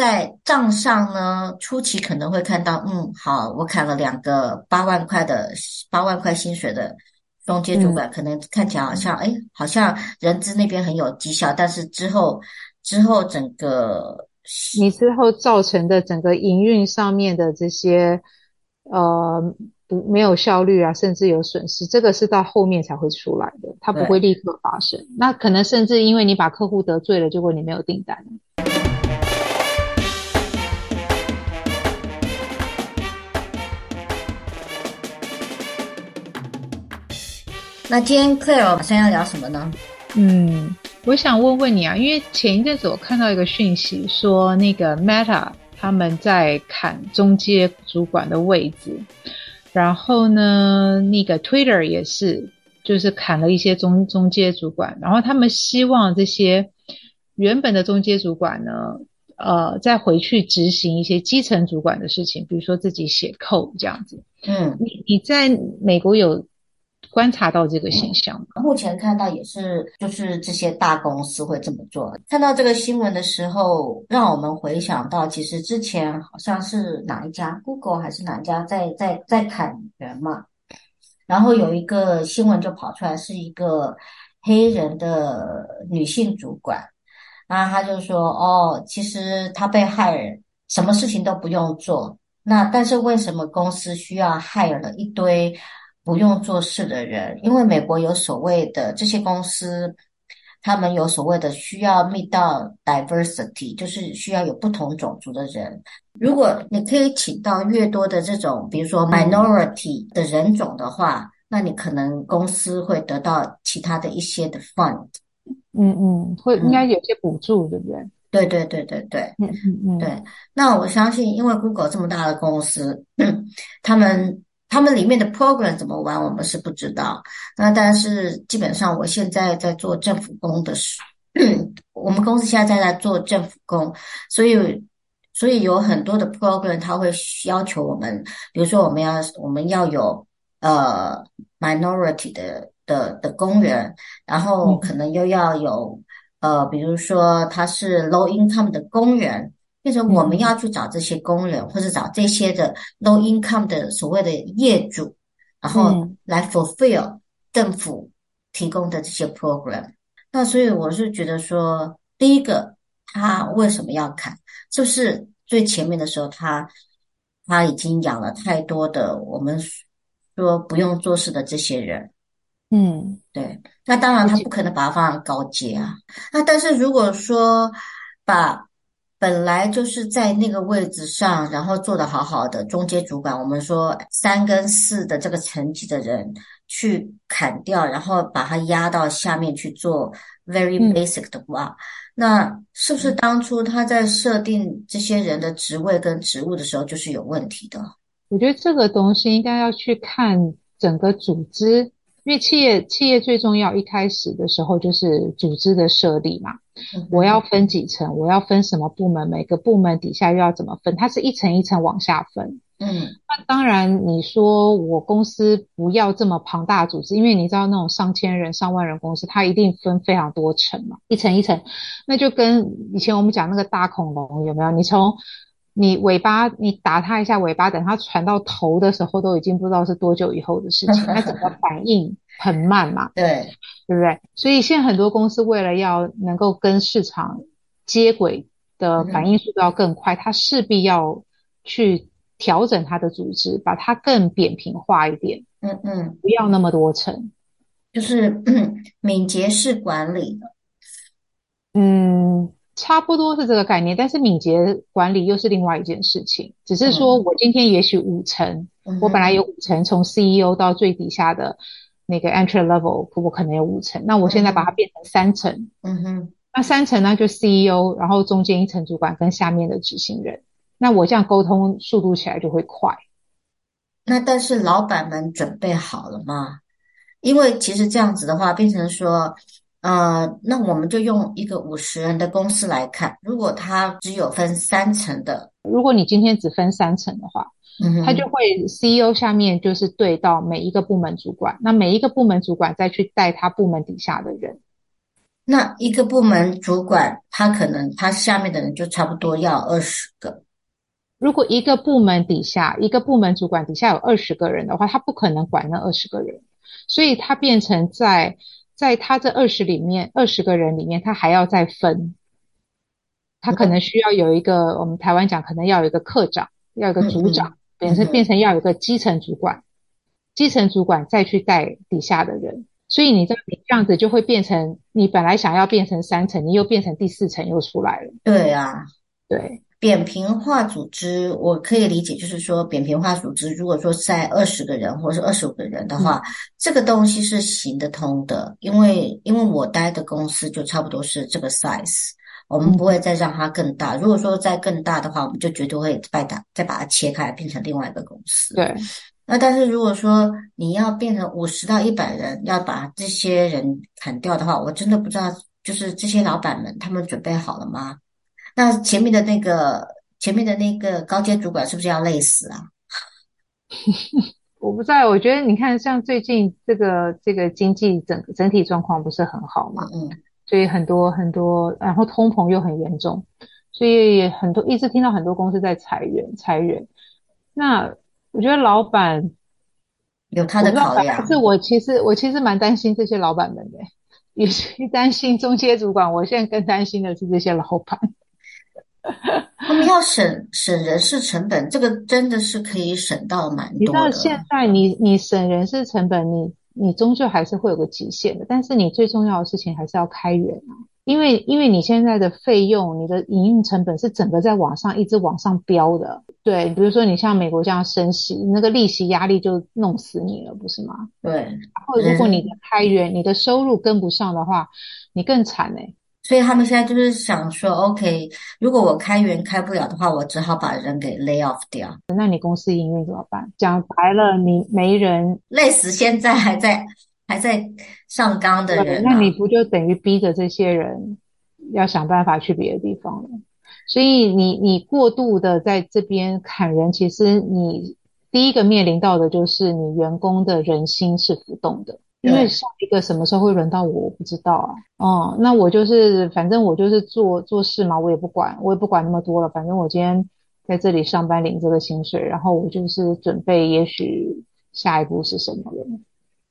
在賬上呢，初期可能會看到，嗯，好，我砍了兩個八萬塊的八萬塊薪水的中階主管，嗯、可能看起來好像，哎，好像人資那邊很有績效，但是之後之後整個你之後造成的整個營運上面的這些呃不沒有效率啊，甚至有損失，這個是到後面才會出來的，它不會立刻發生。那可能甚至因為你把客戶得罪了，結果你沒有訂單。那今天 Clair 晚上要聊什麼呢？嗯，我想問問你啊，因為前一陣子我看到一個訊息，說那個 Meta 他們在砍中階主管的位置，然後呢，那個 Twitter 也是，就是砍了一些中中階主管，然後他們希望這些原本的中階主管呢，呃，再回去執行一些基層主管的事情，比如說自己寫 code 這樣子。嗯，你你在美國有？觀察到這個現象，目前看到也是，就是這些大公司會這麼做。看到這個新聞的時候，讓我們回想到，其實之前好像是哪一家，Google 還是哪一家，在在在砍人嘛。然後有一個新聞就跑出來，是一個黑人的女性主管，那他就說：“哦，其實他被 hire，什麼事情都不用做。那但是為什麼公司需要 hire 了一堆？”不用做事的人，因為美國有所謂的這些公司，他們有所謂的需要 meet 到 diversity，就是需要有不同種族的人。如果你可以請到越多的這種，比如說 minority 的人種的話，嗯，那你可能公司會得到其他的一些的 fund。嗯嗯，會應該有些補助的人，對不對？對對對對對。嗯嗯、對。那我相信，因為 Google 這麼大的公司，他們。他們裡面的 program 怎麼玩，我們是不知道。那但是基本上，我現在在做政府工的時， 我們公司現在在做政府工，所以所以有很多的 program，他會要求我們，比如說我們要我們要有呃 minority 的的的公園，然後可能又要有呃，比如說他是 low income 的公園。變成我們要去找這些工人，嗯、或者找這些的 low income 的所謂的業主，嗯，然後來 fulfill 政府提供的這些 program。那所以我是覺得說，第一個他為什麼要砍，就是最前面的時候他他已經養了太多的我們說不用做事的這些人。嗯，對。那當然他不可能把他放在高階啊，嗯。那但是如果說把本來就是在那個位置上，然後做得好好的，中階主管，我們說三跟四的這個層級的人去砍掉，然後把他壓到下面去做 very basic 的 work。嗯，那是不是當初他在設定這些人的職位跟職務的時候就是有問題的？我覺得這個東西應該要去看整個組織，因為企業企業最重要一開始的時候就是組織的設立嘛。 我要分幾層？我要分什麼部門？每個部門底下又要怎麼分？它是一層一層往下分。嗯，那當然，你說我公司不要這麼龐大組織，因為你知道那種上千人、上萬人公司，它一定分非常多層嘛，一層一層。那就跟以前我們講那個大恐龍有沒有？你從你尾巴，你打它一下尾巴，等它傳到頭的時候，都已經不知道是多久以後的事情。那怎麼反應？ 很慢嘛，對，對不對？所以現在很多公司為了要能夠跟市場接軌的反應速度要更快，它、嗯、勢必要去調整它的組織，把它更扁平化一點。嗯嗯，不要那麼多層，就是敏捷式管理。嗯，差不多是這個概念，但是敏捷管理又是另外一件事情。只是說我今天也許五層、嗯，我本來有五層，從 CEO 到最底下的。那個 entry level 我可能有五層，那我現在把它變成三層，嗯哼，那三層呢就 CEO，然後中間一層主管跟下面的執行人，那我這樣溝通速度起來就會快。那但是老板們準備好了嗎？因為其實這樣子的話，變成說，呃，那我們就用一個五十人的公司來看，如果它只有分三層的，如果你今天只分三層的話。他就會 CEO 下面就是對到每一個部門主管，那每一個部門主管再去帶他部門底下的人。那一個部門主管，他可能他下面的人就差不多要二十個。如果一個部門底下，一個部門主管底下有二十個人的話，他不可能管那二十個人，所以他變成在在他這二十裡面，二十個人裡面，他還要再分。他可能需要有一個，嗯，我們台灣講可能要有一個課長，要一個組長。嗯嗯。變成變成要有一個基層主管，基層主管再去帶底下的人，所以你這你這樣子就會變成你本來想要變成三層，你又變成第四層又出來了。對啊，對，扁平化組織我可以理解，就是說扁平化組織，如果說在二十個人或者是二十五個人的話、嗯，這個東西是行得通的，因為因為我待的公司就差不多是這個 size。我們不會再讓它更大。如果說再更大的話，我們就絕對會再再把它切開，變成另外一個公司。對。那但是如果說你要變成五十到一百人，要把這些人砍掉的話，我真的不知道，就是這些老闆們他們準備好了嗎？那前面的那個前面的那個高階主管是不是要累死啊？ 我不知道，我覺得你看，像最近這個這個經濟整整體狀況不是很好嘛？嗯。所以很多很多，然後通膨又很嚴重，所以也很多一直聽到很多公司在裁員裁員。那我覺得老闆有他的考量，不是，我其實我其實蠻擔心這些老闆們的，也擔心中階主管。我現在更擔心的是這些老闆。他 們要省省人事成本，這個真的是可以省到蠻多的。你到現在，你你省人事成本，你。你終究還是會有個極限的，但是你最重要的事情還是要開源啊，因為因為你現在的費用，你的營運成本是整個在往上一直往上飆的，對，比如說你像美國這樣升息，那個利息壓力就弄死你了，不是嗎？對，然後如果你的開源，嗯，你的收入跟不上的話，你更慘哎，欸。所以他們現在就是想說，OK，如果我開源開不了的話，我只好把人給 lay off 掉。那你公司營運怎麼辦？講白了，你沒人，累死現在還在還在上崗的人啊，那你不就等於逼着這些人要想辦法去別的地方了？所以你你過度的在這邊砍人，其實你第一個面臨到的就是你員工的人心是浮動的。因為下一個什麼時候會輪到我，我不知道啊。哦、嗯，那我就是，反正我就是做做事嘛，我也不管，我也不管那麼多了。反正我今天在這裡上班領這個薪水，然後我就是準備，也許下一步是什麼了。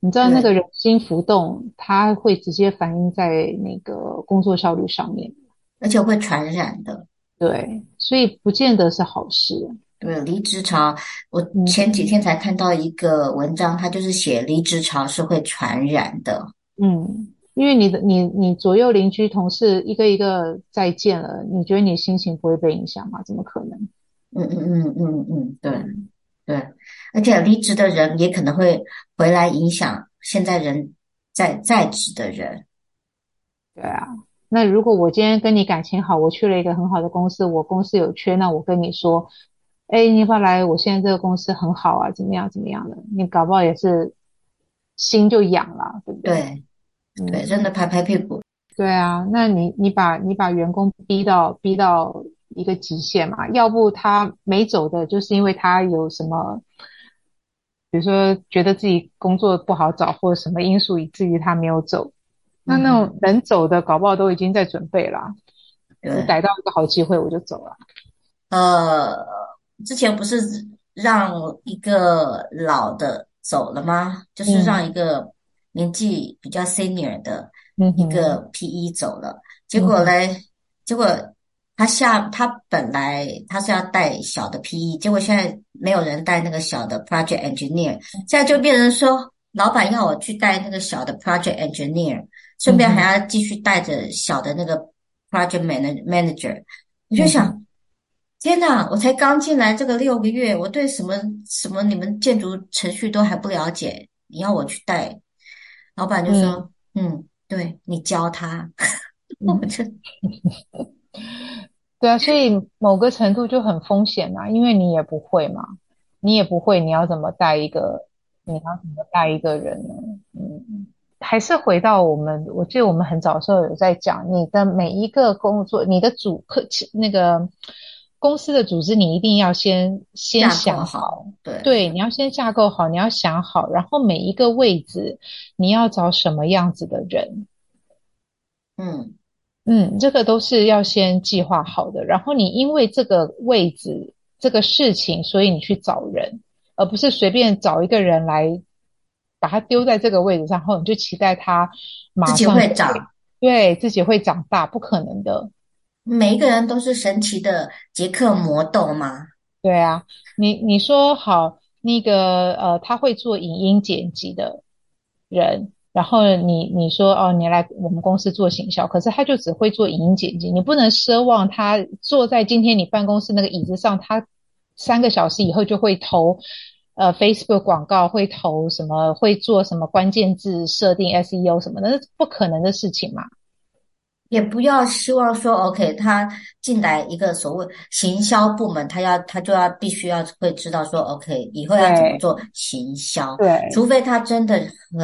你知道那個人心浮動，它會直接反映在那個工作效率上面，而且會傳染的。對，所以不見得是好事。對離職潮，我前幾天才看到一個文章，他、嗯、就是寫離職潮是會傳染的。嗯，因為你的你你左右鄰居同事一個一個再見了，你覺得你心情不會被影響嗎？怎麼可能？嗯嗯嗯嗯嗯，對對，而且、啊、離職的人也可能會回來影響現在人在在職的人。對啊，那如果我今天跟你感情好，我去了一個很好的公司，我公司有缺，那我跟你說。哎，你發來，我現在這個公司很好啊，怎麼樣？怎麼樣的？你搞不好也是心就癢了，對不對？對，對，真的拍拍屁股。嗯。對啊，那你你把你把員工逼到逼到一個極限嘛？要不他沒走的，就是因為他有什麼，比如說覺得自己工作不好找，或者什麼因素，以至於他沒有走。那那種能走的，搞不好都已經在準備了，逮，嗯、到一個好機會我就走了。呃。之前不是讓一個老的走了嗎？嗯。就是讓一個年紀比較 senior 的一個 PE 走了。嗯、結果呢，嗯？結果他下他本來他是要帶小的 PE，結果現在沒有人帶那個小的 Project Engineer。現在就變成說，老闆要我去帶那個小的 Project Engineer，順便還要繼續帶着小的那個 Project Manager，嗯。我就想。嗯天哪！我才剛進來這個六個月，我對什麼什麼你們建築程序都還不了解。你要我去帶，老板就說：“嗯，嗯對你教他。 ” 對啊，所以某個程度就很風險啊，因為你也不會嘛，你也不會，你要怎麼帶一個？你要怎麼帶一個人呢？嗯，還是回到我們，我記得我們很早的時候有在講，你的每一個工作，你的主客那個。公司的組織，你一定要先先想好，好對對，你要先架構好，你要想好，然後每一個位置，你要找什麼樣子的人，嗯嗯，這個都是要先計劃好的。然後你因為這個位置這個事情，所以你去找人，而不是隨便找一個人來把他丟在這個位置上，然後你就期待他馬上會長，對自己會長大，不可能的。每一個人都是神奇的傑克魔豆嗎？對啊，你你說，好那個呃，他會做影音剪輯的人，然後你你說，哦，你來我們公司做行銷，可是他就只會做影音剪輯，你不能奢望他坐在今天你辦公室那個椅子上，他三個小時以後就會投呃 Facebook 廣告，會投什麼，會做什麼關鍵字設定 SEO 什麼的，那是不可能的事情嘛。也不要希望說，OK，他進來一個所謂行銷部門，他要他就要必須要會知道說，OK，以後要怎麼做行銷，對，除非他真的很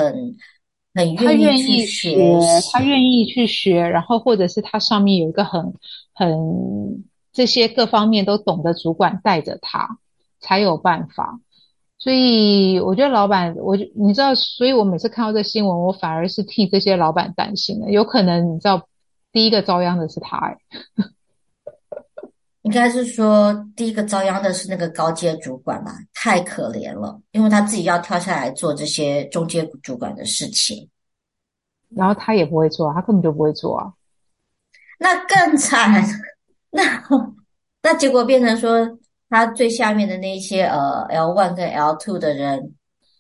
很願意去學，願意學，學，他願意去學，然後或者是他上面有一個很很這些各方面都懂得主管帶着他才有辦法。所以我覺得老闆，我你知道，所以我每次看到這新聞，我反而是替這些老闆擔心的，有可能你知道。第一個遭殃的是他、欸，應該是說第一個遭殃的是那個高階主管吧、啊，太可憐了，因為他自己要跳下來做這些中階主管的事情，然後他也不會做，他根本就不會做啊，那更慘，那那結果變成說他最下面的那些呃 L one 跟 L two 的人，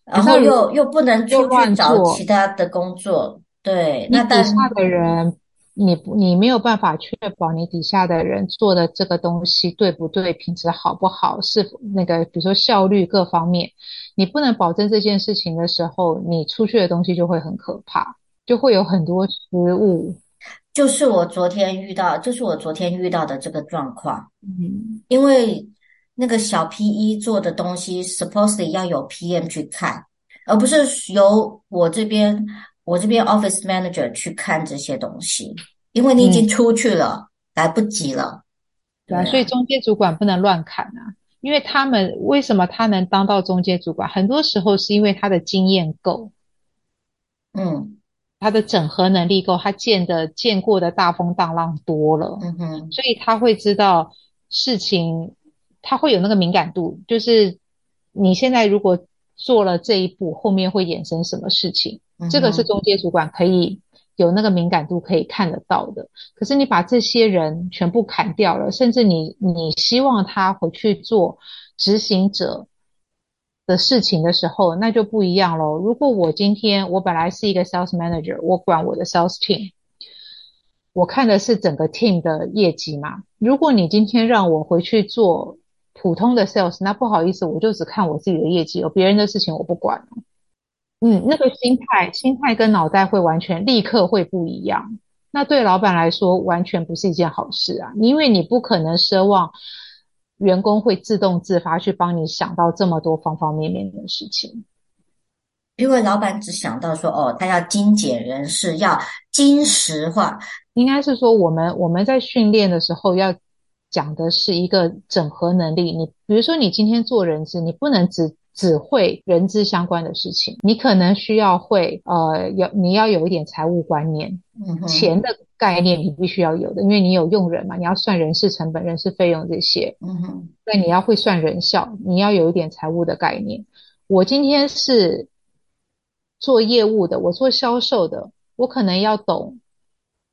然後又又不能出去，去找其他的工作，對，那底下的人。你不，你沒有辦法確保你底下的人做的這個東西對不對，品質好不好，是否那個，比如說效率各方面，你不能保證這件事情的時候，你出去的東西就會很可怕，就會有很多失誤。就是我昨天遇到，就是我昨天遇到的這個狀況。嗯，因為那個小 P E 做的東西，Supposedly 要有 P M 去看，而不是由我這邊。我這邊 office manager 去看這些東西，因為你已經出去了，嗯，來不及了，對啊，所以中階主管不能亂砍啊，因為他們為什麼他能當到中階主管？很多時候是因為他的經驗夠，嗯，他的整合能力夠，他見的見過的大風大浪多了，嗯哼，所以他會知道事情，他會有那個敏感度，就是你現在如果做了這一步，後面會衍生什麼事情。這個是中階主管可以有那個敏感度可以看得到的。Mm -hmm. 可是你把這些人全部砍掉了，甚至你你希望他回去做執行者的事情的時候，那就不一樣咯。如果我今天我本來是一個 sales manager，我管我的 sales team，我看的是整個 team 的業績嘛。如果你今天讓我回去做普通的 sales，那不好意思，我就只看我自己的業績，有別人的事情我不管。嗯，那個心態，心態跟腦袋會完全立刻會不一樣。那對老闆來說，完全不是一件好事啊！因為你不可能奢望員工會自動自發去幫你想到這麼多方方面面的事情，因為老闆只想到說，哦，他要精簡人事，要精實化。應該是說，我們我們在訓練的時候要講的是一個整合能力。你比如說，你今天做人事，你不能只只會人資相關的事情，你可能需要會，呃，要你要有一點財務觀念。嗯，錢的概念你必須要有的，因為你有用人嘛，你要算人事成本、人事費用這些。嗯哼。所以你要會算人效，你要有一點財務的概念。我今天是做業務的，我做銷售的，我可能要懂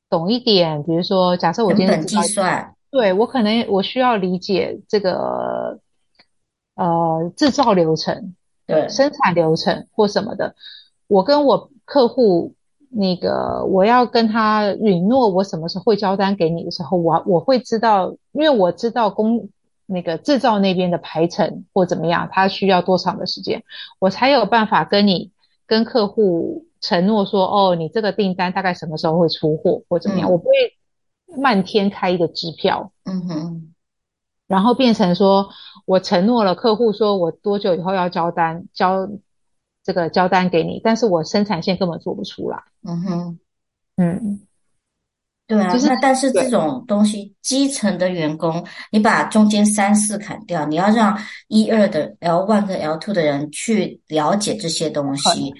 懂一點，比如說，假設我今天是計算，對，我可能我需要理解這個。呃，製造流程，對，生產流程或什麼的，我跟我客戶那個，我要跟他允諾我什麼時候會交單給你的時候，我我會知道，因為我知道工那個製造那邊的排程或怎麼樣，他需要多長的時間，我才有辦法跟你跟客戶承諾說，哦，你這個訂單大概什麼時候會出貨或怎麼樣，嗯，我不會漫天開一個支票。嗯哼。然後變成說，我承諾了客戶，說我多久以後要交單，交這個交單給你，但是我生產線根本做不出來。嗯哼，嗯，對啊，就是、那但是這種東西，基層的員工，你把中間三四砍掉，你要讓一二的 L one 跟 L two 的人去了解這些東西，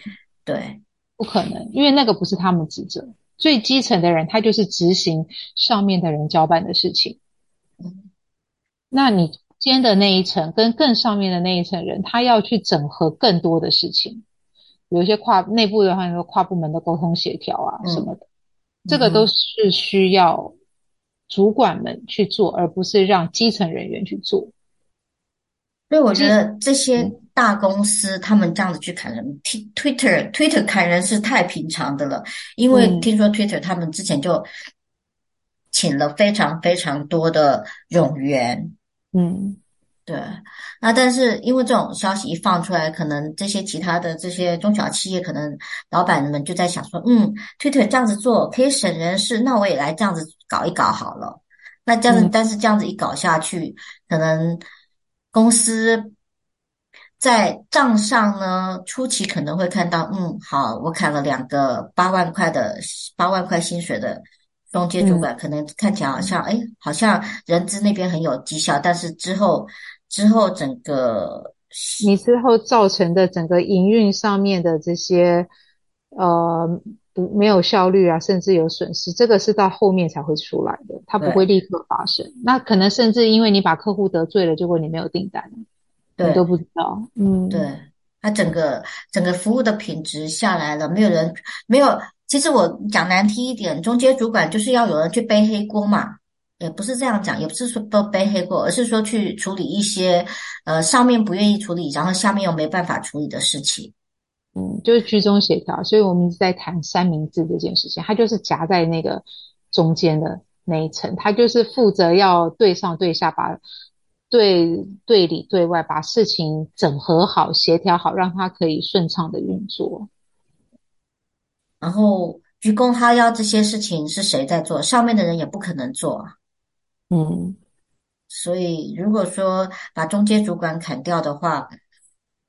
對，不可能，因為那個不是他們職責，最基層的人他就是執行上面的人交辦的事情。那你兼的那一層跟更上面的那一層人，他要去整合更多的事情，有一些跨內部的，話，或者說跨部門的溝通協調啊什麼的，嗯、這個都是需要主管們去做，嗯、而不是讓基層人員去做。所以我覺得這些大公司，嗯、他們這樣子去砍人，T Twitter Twitter 砍人是太平常的了，嗯，因為聽說 Twitter 他們之前就請了非常非常多的冗員。嗯，對，那但是因為這種消息一放出來，可能這些其他的這些中小企業可能老闆們就在想說，嗯，推特這樣子做可以省人事，那我也來這樣子搞一搞好了。那這樣子，但是這樣子一搞下去，嗯、可能公司在賬上呢，初期可能會看到，嗯，好，我砍了兩個八萬塊的，八萬塊薪水的。中階主管、嗯、可能看起來好像，哎、欸，好像人資那邊很有績效，但是之後，之後整個你之後造成的整個營運上面的這些，呃，不沒有效率啊，甚至有損失，這個是到後面才會出來的，它不會立刻發生。那可能甚至因為你把客戶得罪了，結果你沒有訂單，對，你都不知道。嗯，對他整個整個服務的品質下來了，沒有人沒有。其實我講難聽一點，中階主管就是要有人去背黑鍋嘛，也不是這樣講，也不是說都背黑鍋，而是說去處理一些，呃，上面不願意處理，然後下面又沒辦法處理的事情。嗯，就是居中協調。所以我們一直在談三明治這件事情，他就是夾在那個中間的那一層，他就是負責要對上對下，把對對裡對外把事情整合好、協調好，讓他可以順暢的運作。然後鞠躬哈腰這些事情是誰在做？上面的人也不可能做啊。嗯，所以如果說把中階主管砍掉的話，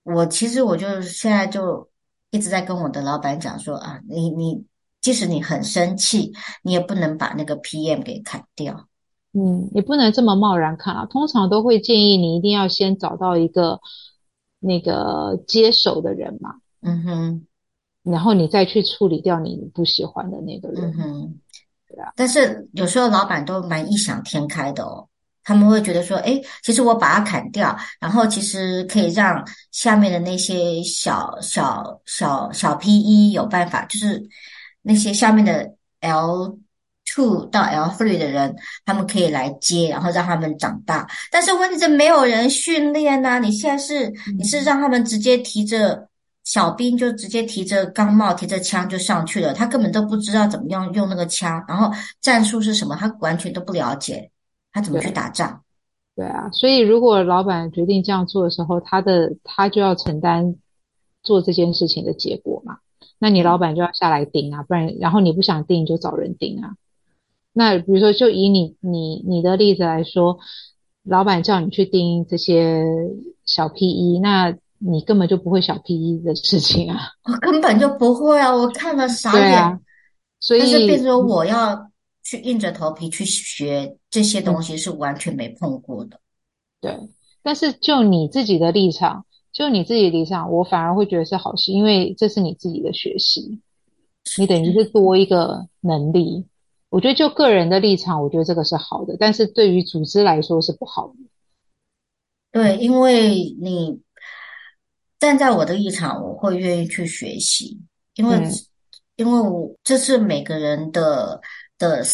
我其實我就現在就一直在跟我的老闆講說啊，你你即使你很生氣，你也不能把那個 PM 給砍掉。嗯，也不能這麼貿然砍啊。通常都會建議你一定要先找到一個那個接手的人嘛。嗯哼。然後你再去處理掉你不喜歡的那個人，嗯。對啊。但是有時候老板都蠻異想天開的哦，他們會覺得說，哎，其實我把它砍掉，然後其實可以讓下面的那些小小小小,小 P 一有辦法，就是那些下面的 L two 到 L three 的人，他們可以來接，然後讓他們長大。但是問題是沒有人訓練吶、啊，你現在是、嗯、你是讓他們直接提着。小兵就直接提着鋼帽、提着槍就上去了，他根本都不知道怎麼樣用那個槍，然後戰術是什麼，他完全都不了解，他怎麼去打仗？對，對啊，所以如果老闆決定這樣做的時候，他的他就要承擔做這件事情的結果嘛。那你老闆就要下來盯啊，不然，然後你不想盯就找人盯啊。那比如說，就以你你你的例子來說，老闆叫你去盯這些小 PE，那。你根本就不會想 P E 的事情啊！我根本就不會啊！我看了傻眼，啊、所以但是變成我要去硬着頭皮去學這些東西，是完全沒碰過的。對，但是就你自己的立場，就你自己的立場，我反而會覺得是好事，因為這是你自己的學習，你等於是多一個能力。我覺得就個人的立場，我覺得這個是好的，但是對於組織來說是不好的。對，因為你。站在我的立場，我會願意去學習，因為，嗯、因為我這是每個人的的、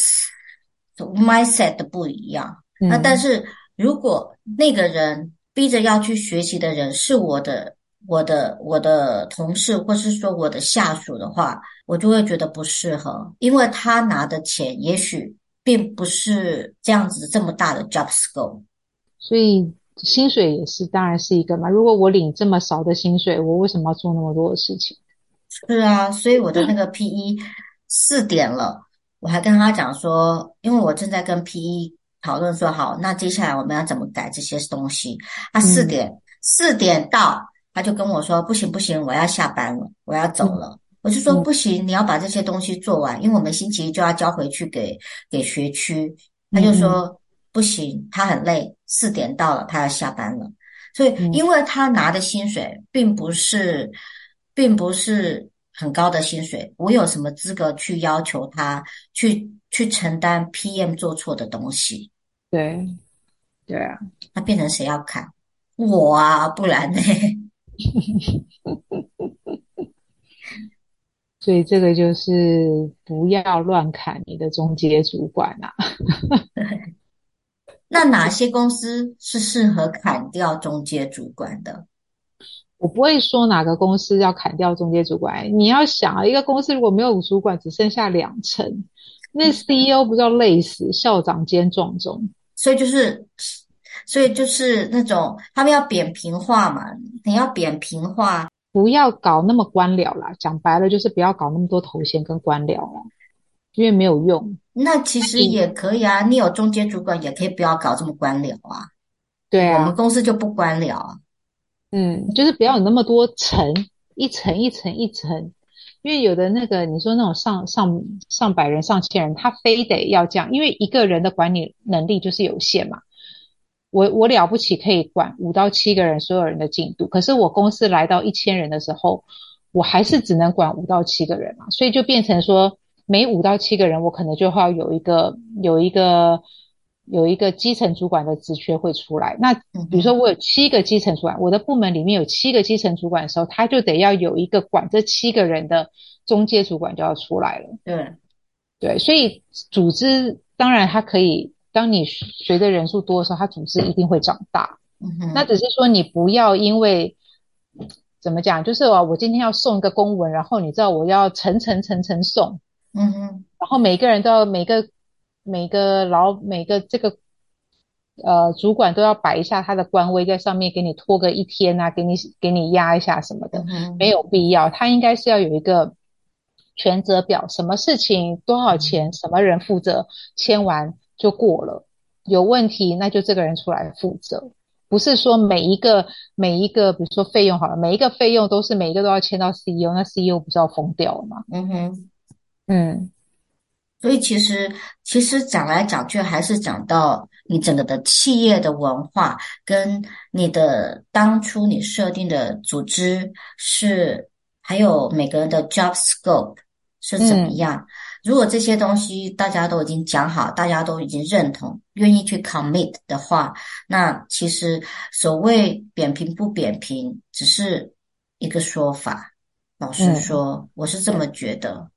的 mindset 不一樣。那、嗯啊、但是如果那個人逼着要去學習的人是我的、我的、我的同事，或是說我的下屬的話，我就會覺得不適合，因為他拿的錢也許並不是這樣子這麼大的 job scope，所以。薪水也是，當然是一個嘛。如果我領這麼少的薪水，我為什麼要做那麼多的事情？是啊，所以我的那個 P E 嗯、四點了，我還跟他講說，因為我正在跟 P E 討論說，好，那接下來我們要怎麼改這些東西。他、啊、四點，四點到、嗯，他就跟我說，不行不行，我要下班了，我要走了。嗯、我就說不行，你要把這些東西做完，因為我們星期一就要交回去給給學區。他就說。嗯嗯不行，他很累，四點到了，他要下班了。所以，因為他拿的薪水並不是、嗯，並不是很高的薪水，我有什麼資格去要求他去去承擔 PM 做錯的東西？對，對啊，那變成誰要砍我啊？不然呢？ 所以，這個就是不要亂砍你的中階主管啊！ 那哪些公司是適合砍掉中階主管的？我不會說哪個公司要砍掉中階主管。你要想啊，一個公司如果沒有主管，只剩下兩層，那 CEO 不知道累死，校長兼撞鐘。所以就是，所以就是那種他們要扁平化嘛，你要扁平化，不要搞那麼官僚啦，講白了，就是不要搞那麼多頭銜跟官僚啦，因為沒有用。那其實也可以啊，嗯，你有中間主管也可以不要搞這麼官僚啊。對啊，我們公司就不官僚啊。嗯，就是不要有那麼多層，一層一層一層，因為有的那個你說那種上上上百人、上千人，他非得要這樣，因為一個人的管理能力就是有限嘛。我我了不起可以管五到七個人，所有人的進度。可是我公司來到一千人的時候，我還是只能管五到七個人嘛，所以就變成說。每五到七個人，我可能就會要有一個、有一個、有一個基層主管的職缺會出來。那比如說，我有七個基層主管、嗯，我的部門裡面有七個基層主管的時候，他就得要有一個管這七個人的中階主管就要出來了。對、嗯，對，所以組織當然它可以，當你隨着人數多的時候，它組織一定會長大。嗯、哼，那只是說你不要因為怎麼講，就是啊，我今天要送一個公文，然後你知道我要層層層層送。嗯嗯，然後每個人都要每個每個老每個這個呃主管都要擺一下他的官威在上面，給你拖個一天啊，給你給你壓一下什麼的、嗯，沒有必要。他應該是要有一個權責表，什麼事情多少錢，什麼人負責，簽完就過了。有問題那就這個人出來負責，不是說每一個每一個，比如說費用好了，每一個費用都是每一個都要簽到 CEO，那 CEO 不是要瘋掉了嗎？嗯哼。嗯，所以其實其實講來講去還是講到你整個的企業的文化跟你的當初你設定的組織是，還有每個人的 job scope 是怎麼樣。嗯，如果這些東西大家都已經講好，大家都已經認同，願意去 commit 的話，那其實所謂扁平不扁平，只是一個說法。老實說，我是這麼覺得。嗯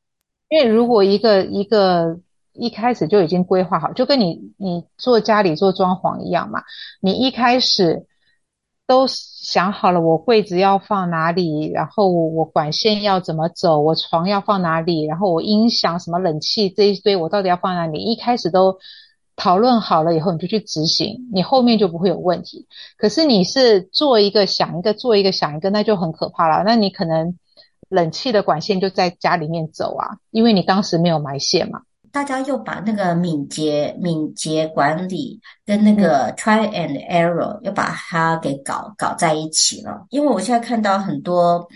因為如果一個一個一開始就已經規劃好，就跟你你做家裡做裝潢一樣嘛，你一開始都想好了，我櫃子要放哪裡，然後我管線要怎麼走，我床要放哪裡，然後我音響什麼冷氣這一堆我到底要放哪裡，一開始都討論好了以後，你就去執行，你後面就不會有問題。可是你是做一個想一個做一個想一個，那就很可怕了，那你可能。冷氣的管線就在家裡面走啊，因為你當時沒有埋線嘛。大家又把那個敏捷、敏捷管理跟那個 try and error 又把它給搞搞在一起了。因為我現在看到很多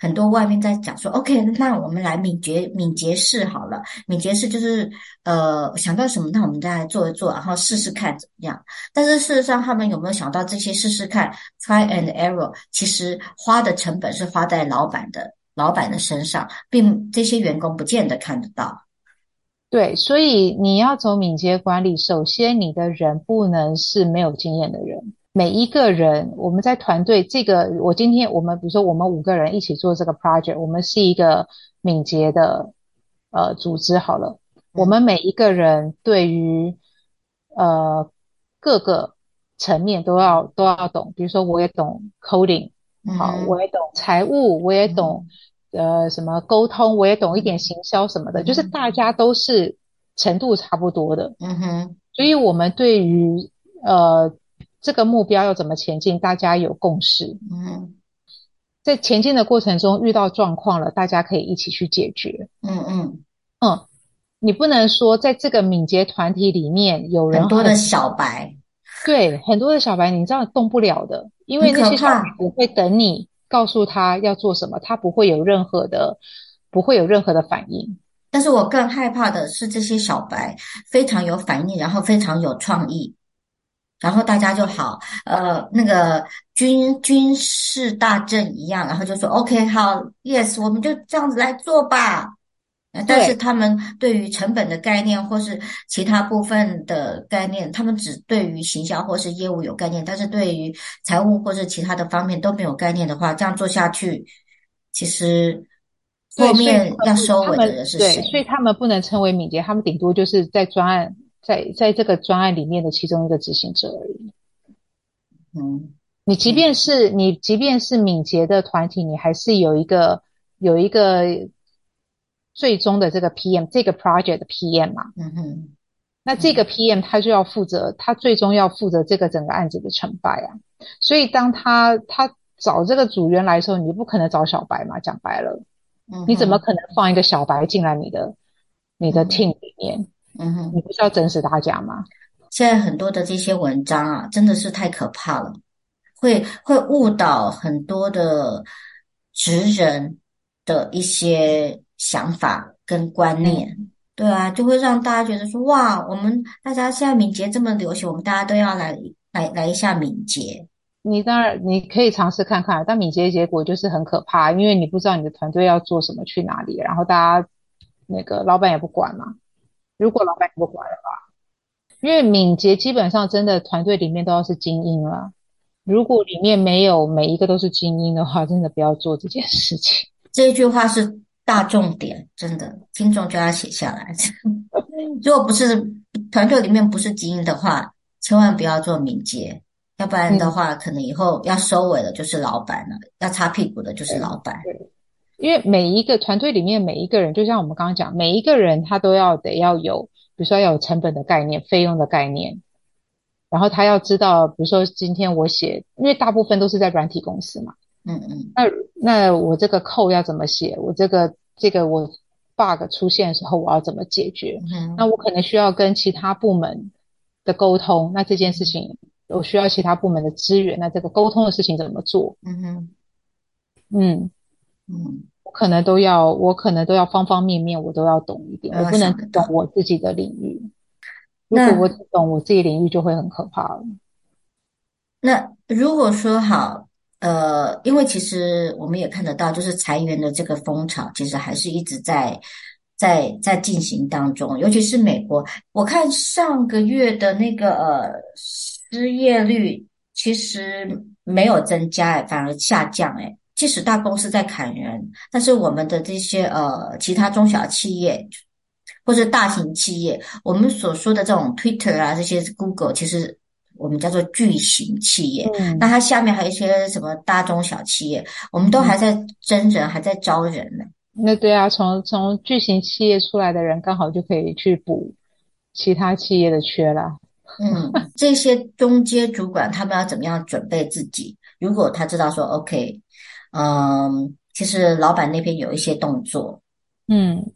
很多外面在講說，OK，那我們來敏捷、敏捷式好了。敏捷式就是呃想到什麼，那我們再來做一做，然後試試看怎麼樣。但是事實上，他們有沒有想到這些試試看 try and error，其實花的成本是花在老板的。老闆的身上，並這些員工不見得看得到。對，所以你要走敏捷管理，首先你的人不能是沒有經驗的人。每一個人，我們在團隊這個，我今天我們比如說我們五個人一起做這個 project，我們是一個敏捷的呃組織。好了，我們每一個人對於呃各個層面都要都要懂，比如說我也懂 coding。嗯、好，我也懂財務，我也懂，嗯、呃，什麼溝通，我也懂一點行銷什麼的，嗯，就是大家都是程度差不多的，嗯哼。所以我們對於呃這個目標要怎麼前進，大家有共識，嗯。在前進的過程中遇到狀況了，大家可以一起去解決，嗯嗯嗯。你不能說在這個敏捷團體裡面有人很，很多的小白，對，很多的小白，你知道動不了的。因為那些小白會等你告訴他要做什麼，他不會有任何的，不會有任何的反應。但是我更害怕的是這些小白非常有反應，然後非常有創意，然後大家就好，呃，那個軍軍事大陣一樣，然後就說 OK 好，Yes，我們就這樣子來做吧。但是他們對於成本的概念，或是其他部分的概念，他們只對於行銷或是業務有概念，但是對於財務或是其他的方面都沒有概念的話，這樣做下去，其實後面要收尾的人是誰？對，所以他們不能稱為敏捷，他們頂多就是在專案在在這個專案裡面的其中一個執行者而已。嗯，你即便是你即便是敏捷的團體，你還是有一個有一個。最終的這個 PM，這個 project 的 PM 嘛，嗯哼，那這個 PM 他就要負責，他最終要負責這個整個案子的成敗啊。所以當他他找這個組員來的時候，你就不可能找小白嘛，講白了，嗯，你怎麼可能放一個小白進來你的、嗯、你的 team 裡面？嗯哼，嗯哼，你不是要整死大家嗎？現在很多的這些文章啊，真的是太可怕了，會會誤導很多的職人的一些。想法跟觀念，對啊，就會讓大家覺得說哇，我們大家現在敏捷這麼流行，我們大家都要來來來一下敏捷。你當然你可以嘗試看看，但敏捷的結果就是很可怕，因為你不知道你的團隊要做什麼、去哪裡，然後大家那個老板也不管嘛。如果老板不管的話，因為敏捷基本上真的團隊裡面都要是精英了。如果裡面沒有每一個都是精英的話，真的不要做這件事情。這句話是。大重點，真的，聽眾就要寫下來。 如果不是團隊裡面不是精英的話，千萬不要做敏捷，要不然的話，嗯、可能以後要收尾的就是老闆了，嗯，要擦屁股的就是老闆。因為每一個團隊裡面每一個人，就像我們剛剛講，每一個人他都要得要有，比如說要有成本的概念，費用的概念，然後他要知道，比如說今天我寫，因為大部分都是在軟體公司嘛。嗯嗯，那那我這個扣要怎麼寫？我這個這個我 bug 出現的時候，我要怎麼解決？嗯，那我可能需要跟其他部門的溝通。那這件事情我需要其他部門的資源。那這個溝通的事情怎麼做？嗯嗯嗯，我可能都要，我可能都要方方面面，我都要懂一點。我，我不能只懂我自己的領域。如果我只懂我自己領域，就會很可怕了。那，那如果說好。呃，因為其實我們也看得到，就是裁員的這個風潮，其實還是一直在在在進行當中。尤其是美國，我看上個月的那個呃失業率，其實沒有增加哎，反而下降誒，哎。即使大公司在砍人，但是我們的這些呃其他中小企業或者大型企業，我們所說的這種 Twitter 啊、這些 Google 其實。我們叫做巨型企業，嗯，那它下面還有一些什麼大中小企業，我們都還在徵人，嗯，還在招人呢。那對啊，從從巨型企業出來的人，剛好就可以去補其他企業的缺了。 嗯，這些中階主管他們要怎麼樣準備自己？如果他知道說，OK，嗯，其實老板那邊有一些動作，嗯。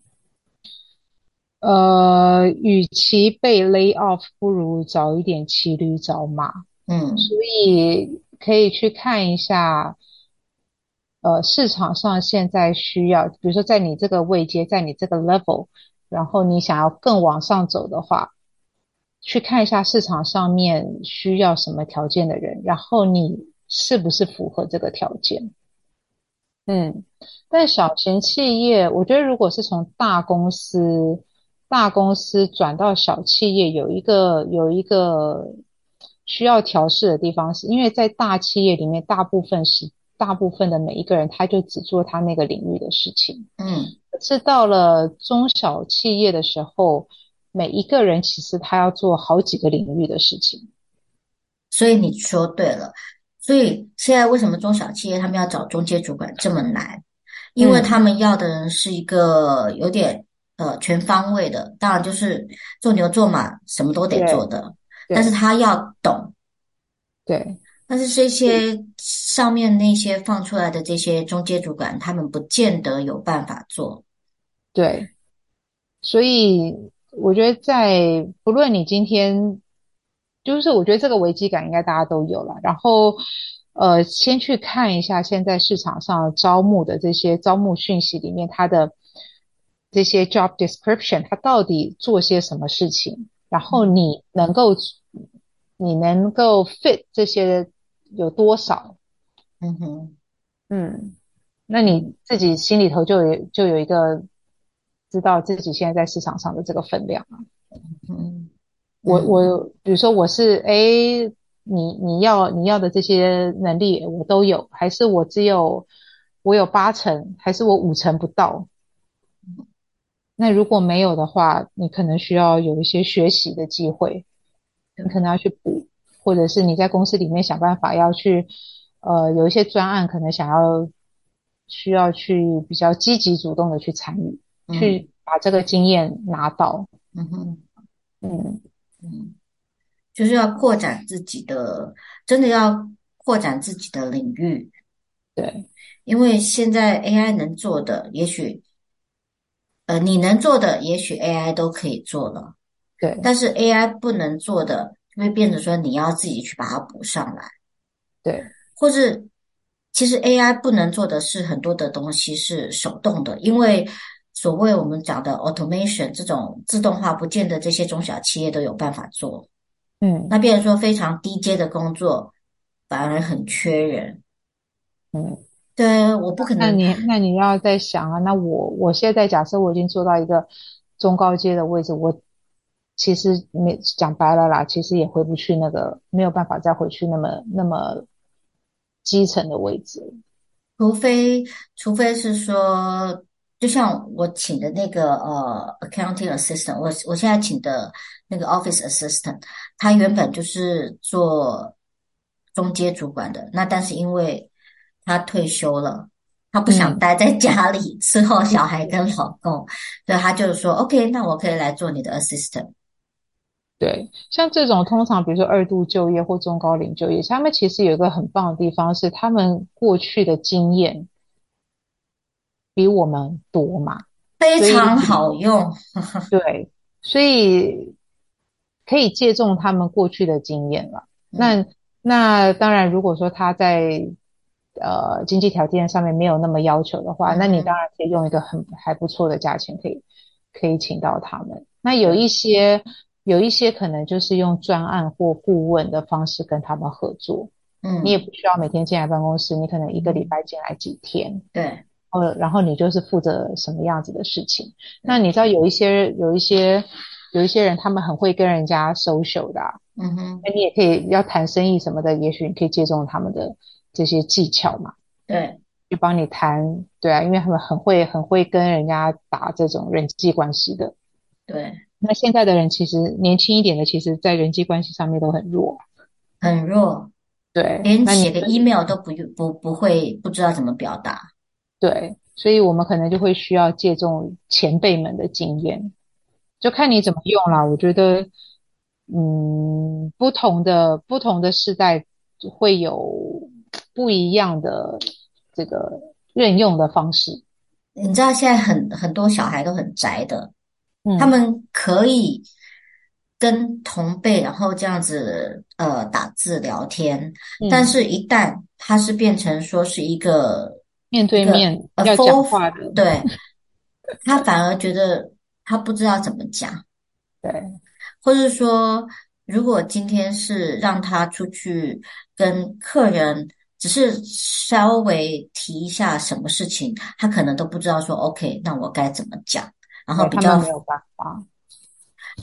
呃，與其被 lay off，不如早一點騎驢找馬。嗯，所以可以去看一下，呃，市場上現在需要，比如說在你這個位階，在你這個 level，然後你想要更往上走的話，去看一下市場上面需要什麼條件的人，然後你是不是符合這個條件。嗯，但小型企業，我覺得如果是從大公司。大公司轉到小企業有一個有一個需要調試的地方是，是因為在大企業裡面，大部分是大部分的每一個人，他就只做他那個領域的事情。嗯，是到了中小企業的時候，每一個人其實他要做好幾個領域的事情。所以你說對了，所以現在為什麼中小企業他們要找中階主管這麼難？嗯，因為他們要的人是一個有點。呃，全方位的，當然就是做牛做馬，什麼都得做的。但是他要懂，對。但是這些上面那些放出來的這些中階主管，他們不見得有辦法做，對。所以我覺得，在不論你今天，就是我覺得這個危機感應該大家都有了。然後，呃，先去看一下現在市場上招募的這些招募訊息裡面，他的。這些 job description，他到底做些什麼事情？然後你能夠，你能夠 fit 這些有多少？嗯哼，嗯，那你自己心裡頭就有就有一個知道自己現在在市場上的這個分量啊。嗯、mm -hmm.，我我比如說我是哎，你你要你要的這些能力我都有，還是我只有我有八成，還是我五成不到？那如果沒有的話，你可能需要有一些學習的機會，你可能要去補，或者是你在公司裡面想辦法要去，呃，有一些專案可能想要需要去比較積極主動的去參與，嗯、去把這個經驗拿到。嗯哼，嗯嗯，就是要擴展自己的，真的要擴展自己的領域。對，因為現在 AI 能做的，也許。呃，你能做的也許 AI 都可以做了，對。但是 AI 不能做的，就會變成說你要自己去把它補上來，對。或是其實 AI 不能做的是很多的東西是手動的，因為所謂我們講的 automation 這種自動化，不見得這些中小企業都有辦法做，嗯。那變成說非常低階的工作反而很缺人，嗯。對，我不可能。那你那你要再想啊，那我我現在假設我已經做到一個中高階的位置，我其實沒講白了啦，其實也回不去那個沒有辦法再回去那麼那麼基層的位置，除非除非是說，就像我請的那個呃、uh, accounting assistant，我我現在請的那個 office assistant，他原本就是做中階主管的，那但是因為他退休了，他不想待在家裡、嗯、伺候小孩跟老公，所、嗯、以他就是說：“OK，那我可以來做你的 assistant。”對，像這種通常，比如說二度就業或中高齡就業，他們其實有一個很棒的地方是，他們過去的經驗比我們多嘛，非常好用。對，所以可以借重他們過去的經驗了。嗯、那那當然，如果說他在呃，經濟條件上面沒有那麼要求的話，嗯、那你當然可以用一個很還不錯的價錢，可以可以請到他們。那有一些、嗯、有一些可能就是用專案或顧問的方式跟他們合作。嗯，你也不需要每天進來辦公室，你可能一個禮拜進來幾天。對、嗯，呃，然後你就是負責什麼樣子的事情。嗯、那你知道有一些有一些有一些人，他們很會跟人家 social 的、啊。嗯哼，那你也可以要談生意什麼的，也許你可以借重他們的。這些技巧嘛，對，去幫你談，對啊，因為他們很會、很會跟人家打這種人際關係的，對。那現在的人其實年輕一點的，其實在人際關係上面都很弱，很弱，對。連寫個 email 都不用、不不會、不知道怎麼表達，對。所以我們可能就會需要借助前輩們的經驗，就看你怎麼用了。我覺得，嗯，不同的不同的世代會有。不一樣的這個任用的方式，你知道現在很很多小孩都很宅的、嗯，他們可以跟同輩然後這樣子呃打字聊天、嗯，但是一旦他是變成說是一個面對面一個要講話的，對他反而覺得他不知道怎麼講， 對，或是說如果今天是讓他出去跟客人。只是稍微提一下什麼事情，他可能都不知道說。說 OK，那我該怎麼講？然後比較沒有辦法。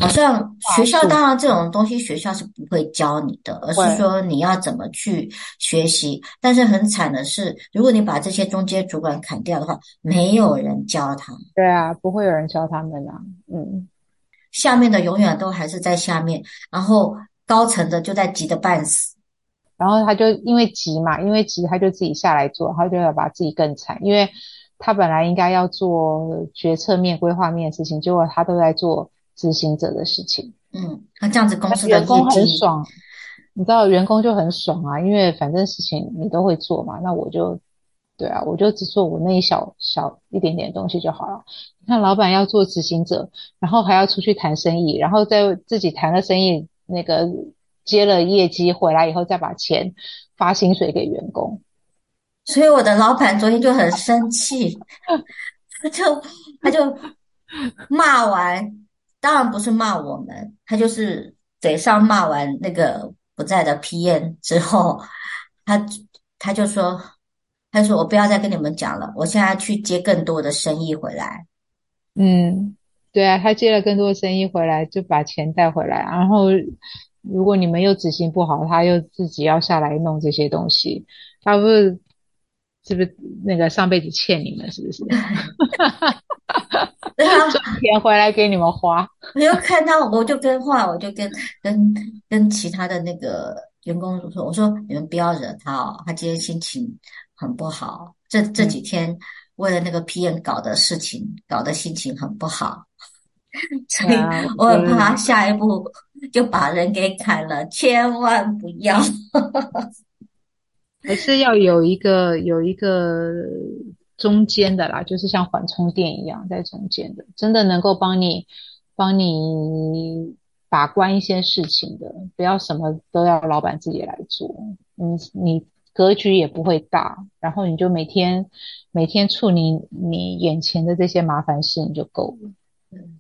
好像、啊、學校當然這種東西，學校是不會教你的，而是說你要怎麼去學習。但是很慘的是，如果你把這些中階主管砍掉的話，沒有人教他們。對啊，不會有人教他們的。嗯，下面的永遠都還是在下面，然後高層的就在急得半死。然後他就因為急嘛，因為急他就自己下來做，他就要把自己更慘，因為他本來應該要做決策面、規劃面的事情，結果他都在做執行者的事情。嗯，那這樣子，公司的員工很爽，你知道，員工就很爽啊，因為反正事情你都會做嘛，那我就對啊，我就只做我那一小小一點點東西就好了。你看，老闆要做執行者，然後還要出去談生意，然後再自己談了生意那個。接了業績回來以後，再把錢發薪水給員工，所以我的老闆昨天就很生氣， 他就他就罵完，當然不是罵我們，他就是嘴上罵完那個不在的 PM 之後，他他就說，他說我不要再跟你們講了，我現在去接更多的生意回來，嗯，對啊，他接了更多的生意回來，就把錢帶回來，然後。如果你們又執行不好，他又自己要下來弄這些東西，他不是是不是那個上輩子欠你們是不是？哈哈哈，賺錢回來給你們花。 我就看他，我就跟話，我就跟跟跟其他的那個員工說，我說你們不要惹他哦，他今天心情很不好，這這幾天為了那個 PM 搞的事情，嗯、搞得心情很不好，所以我很怕他下一步。 就把人給砍了，千萬不要，還 是要有一個有一個中間的啦，就是像緩衝墊一樣，在中間的，真的能夠幫你幫你把關一些事情的，不要什麼都要老闆自己來做，你你格局也不會大，然後你就每天每天處理你，你眼前的這些麻煩事，你就夠了。嗯。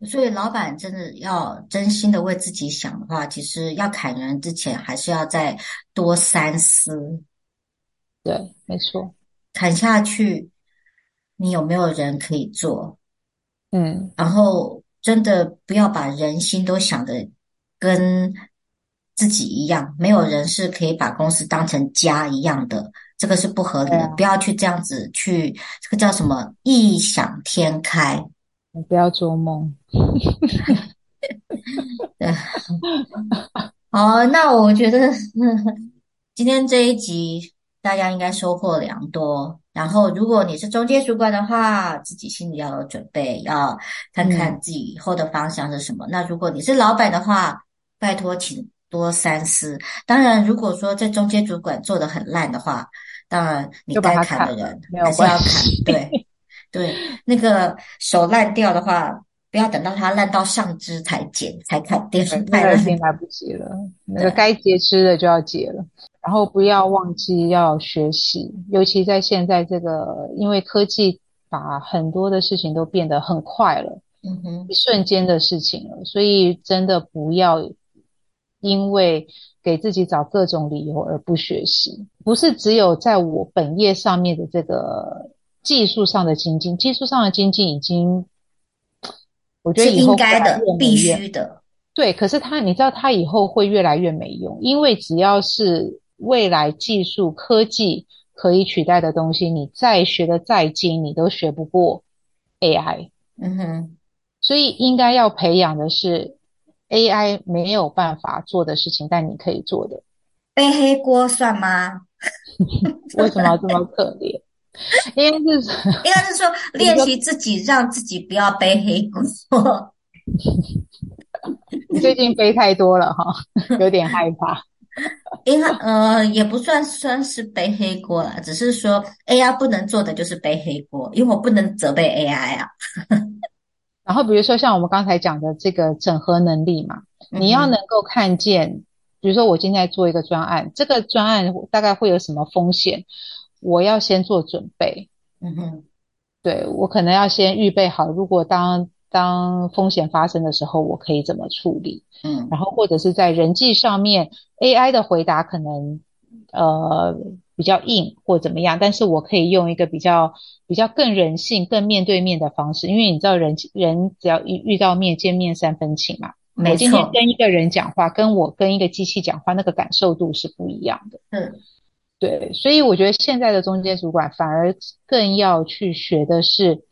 所以，老闆真的要真心的為自己想的話，其實要砍人之前，還是要再多三思。對，沒錯，砍下去，你有沒有人可以做？嗯，然後真的不要把人心都想的跟自己一樣，沒有人是可以把公司當成家一樣的，這個是不合理的。嗯、不要去這樣子去，這個叫什麼？異想天開。你不要做夢， 對，好，那我覺得、嗯、今天這一集大家應該收穫良多。然後，如果你是中階主管的話，自己心裡要有準備，要看看自己以後的方向是什麼。嗯、那如果你是老闆的話，拜託請多三思。當然，如果說在中階主管做得很爛的話，當然你該砍的人還是要砍，對。對，那個手爛掉的話，不要等到它爛到上肢，才剪才開，已經太來不及了。那個、該截肢的就要截了，然後不要忘記要學習，尤其在現在這個，因為科技把很多的事情都變得很快了，嗯哼，一瞬間的事情了，所以真的不要因為給自己找各種理由而不學習，不是只有在我本業上面的這個。技術上的精進，技術上的精進已經，我覺得以後越來越應該的，越越必須的，沒用。對，可是他，你知道他以後會越來越沒用，因為只要是未來技術科技可以取代的東西，你再學的再精，你都學不過 AI。嗯哼，所以應該要培養的是 AI 沒有辦法做的事情，但你可以做的。背黑鍋算嗎？ 為什麼要這麼可憐？應該是應該 是說練習自己，讓自己不要背黑鍋。 你最近背太多了哈， 有點害怕因為。應該呃也不算算是背黑鍋了，只是說 AI 不能做的就是背黑鍋，因為我不能責備 AI 啊。 然後比如說像我們剛才講的這個整合能力嘛，嗯嗯，你要能夠看見，比如說我今天做一個專案，這個專案大概會有什麼風險？我要先做準備，嗯哼，對我可能要先預備好，如果當當風險發生的時候，我可以怎麼處理？嗯，然後或者是在人際上面，AI 的回答可能呃比較硬或怎麼樣，但是我可以用一個比較比較更人性、更面對面的方式，因為你知道人，人人只要遇遇到面見面三分情嘛。沒錯。我今天跟一個人講話，跟我跟一個機器講話，那個感受度是不一樣的。嗯。對，所以我覺得現在的中階主管反而更要去學的是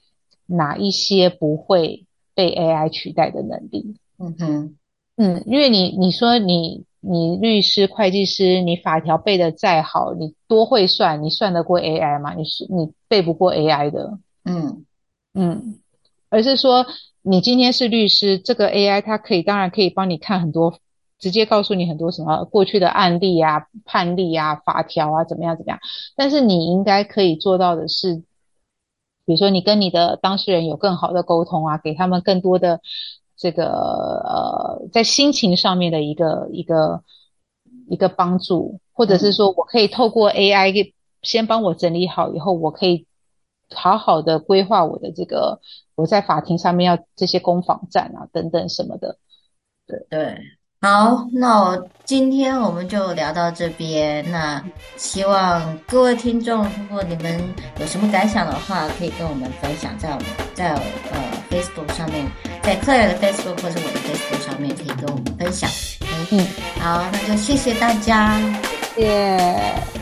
哪一些不會被 AI 取代的能力。嗯哼，嗯，因為你你說你你律師、會計師，你法條背得再好，你多會算，你算得過 AI 嗎？你是你背不過 AI 的。嗯嗯，而是說你今天是律師，這個 AI 它可以當然可以幫你看很多。直接告訴你很多什麼過去的案例啊、判例啊、法條啊，怎麼樣怎麼樣？但是你應該可以做到的是，比如說你跟你的當事人有更好的溝通啊，給他們更多的這個呃，在心情上面的一個一個一個幫助，或者是說我可以透過 AI 先幫我整理好以後，我可以好好的規劃我的這個我在法庭上面要這些攻防戰啊等等什麼的。對對。好，那我今天我們就聊到這邊。那希望各位聽眾，如果你們有什麼感想的話，可以跟我們分享在我在我呃 Facebook 上面，在 Claire 的 Facebook 或者是我的 Facebook 上面，可以跟我們分享。嗯，好，那就謝謝大家，謝謝。